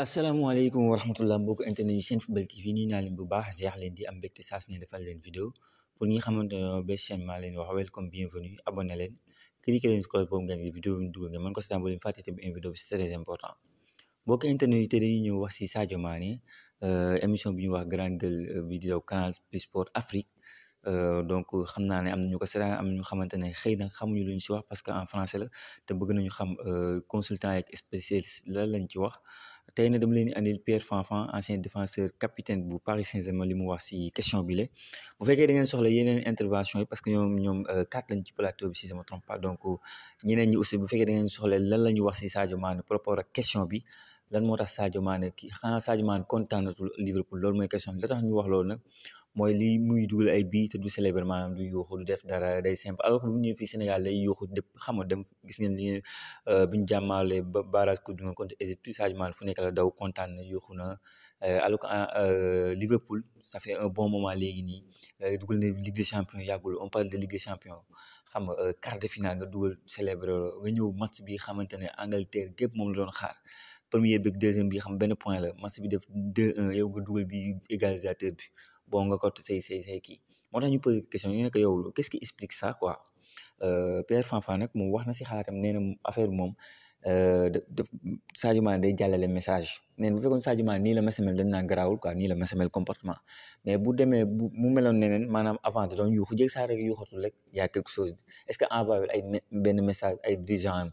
السلام عليكم ورحمه الله مبوك انتني شين في بلتي في نينا لين بو باخ جيخ لين دي ام بيك تيساس ني دفال لين فيديو بور ني خامتو بي شين ما لين واخ ويلكم بيان فوني ابوني لين كليك لين سكول بوم غاني فيديو بن دوغ مان كو ستامبول ام فاتي تي فيديو سي تري امبورطون بوك انتني تي ني نيو واخ سي ماني اميشن بي ني واخ غراند غيل كانال بي سبور افريك Euh, donc xam naa ne am nañu ko sa am nañu xamante ne xëy na xamuñu luñ ci wax parce que en français la te bëgg tey na dama leen di andil Pierre Fanfan ancien défenseur capitaine bu Paris Saint-Germain li mu wax si question bi la bu fekkee da ngeen soxla yeneen intervention yi parce que ñoom ñoom euh, quatre lañ ci plateau bi si sama me trompe donc ñeneen ñi aussi bu fekkee da ngeen soxla lan la ñu wax si Sadio Mané par rapport ak question bi lan moo tax Sadio Mané ki xanaa Sadio Mané kontaanatul Liverpool loolu mooy question bi la tax ñu wax loolu nag mooy li muy dugal ay bii te du célébrer maanaam du yuuxu du def dara day simple alors que bu ñëwee fii Sénégal lay yuuxu dëpp xam nga dem gis ngeen li euh, biñu jàmmaale ba barrage coupe du monde contre Égypte plus sagement fu nekk la daw kontaan na yuuxu na euh, alors que euh, Liverpool ça fait un bon moment léegi nii dugal na Ligue des champions yàggul on parle de Ligue des champions xam nga quart de finale nga dugal célébrer nga ñëw match bi xamante ne Angleterre gépp moom la doon xaar premier bi deuxième bi xam benn point la match bi def 2-1 yow nga dugal bi égalisateur bi bon nga kot say say say kii moo tax ñu posé question ñu ne ko yow qu'est-ce qui explique ça quoi euh, Pierre Fanfan nag moom wax na si xalaatam nee na affaire bi moom euh, Sadio Mané day jàllale message neen na bu fekkoon Sadio Mané nii la masa mel dañ naan garaawul quoi nii la masa mel comportement mais bu demee mu meloon neneen maanaam avant da doon yuuxu jéeg saa rek yuuxatul rek y a quelque chose est que envoyé ay benn message ay dirigeant am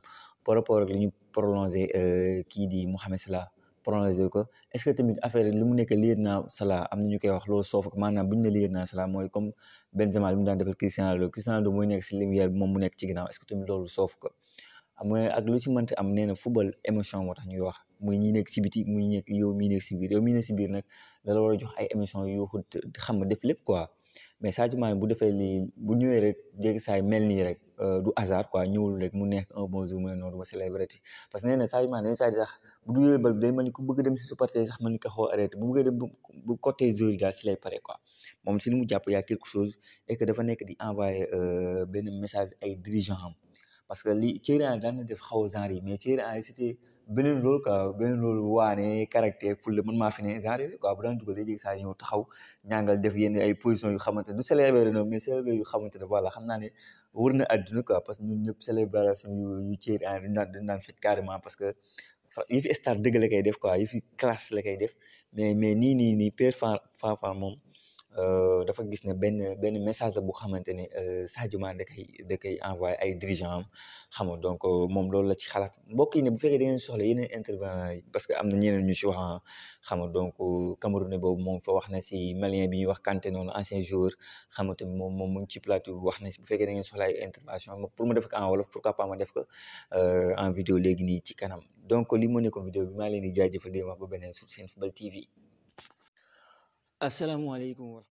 par rapport ak li ñu prolongé euh, kii di Mohamed Salah prolongé ko est ce que tamit affaire li mu nekk liir na Salah am na ñu koy wax loolu soof ko maanaam bu ñu ne liir naa mooy comme Benzema li mu daan defal Cristiano Ronaldo Cristiano Ronaldo mooy nekk si lumière bi est ce que tamit loolu soof ko mooy ak lu ci mënti am nee football émotion moo tax ñu wax muy ñi nekk si biti muy ñi nekk yow mii nekk a jox ay émotion yu xam def lépp quoi mais Sadio Mané bu defee lii bu ñëwee rek jéegi saay mel nii rek euh, du hasard quoi ñëwul rek mu nekk un bon jour mu ne noonu du ma célébré parce que nee na Sadio Mané sax bu dugalee bal bi day mel ni ku bëgg dem si supporter sax mën ko xoo arrêté bu bëgg dem bu côté joueur yi daal si lay pare quoi moom si li mu jàpp yaa quelque chose et que dafa nekk di envoyé euh, benn message ay dirigeants am parce que li Thierry Henry daan na def xaw genre yi mais Thierry Henry c'était beneen rôle quoi beneen rôle waane caractère fulle man maa fi genre yooyu quoi bu daan dugal day jégi saa ñëw taxaw ñaangal def yenn ay position yu xamante du célébrer noonu ne voilà xam na àdduna quoi parce que ñun ñëpp célébration yu yu ceeri en dañ daan dañ daan carrément parce que yi fi star dëgg la koy def quoi yi classe la koy def mais mais nii nii nii Père Fa Fafan moom Euh, dafa gis ne benn benn message la bu xamante ne euh, Sadio Mané da koy da koy envoyé ay dirigeants am xam nga donc euh, moom loolu la ci xalaat mbokk yi ne bu fekkee da ngeen soxla yeneen intervenant yi parce que am na ñeneen ñu ci wax ah, xam nga donc Camerounais boobu moom fa wax na si Malien bi ñuy wax Kanté noonu ancien joueur xam nga tamit moom moom mu ngi ci plateau bi wax na si bu fekkee da ngeen soxla ay intervention pour ma def ko en wolof pourquoi pas ma def ko en vidéo léegi nii ci kanam donc li mu nekkoon vidéo bi maa leen di jaajëfal di wax ba beneen sur Football TV. asalaamaaleykum.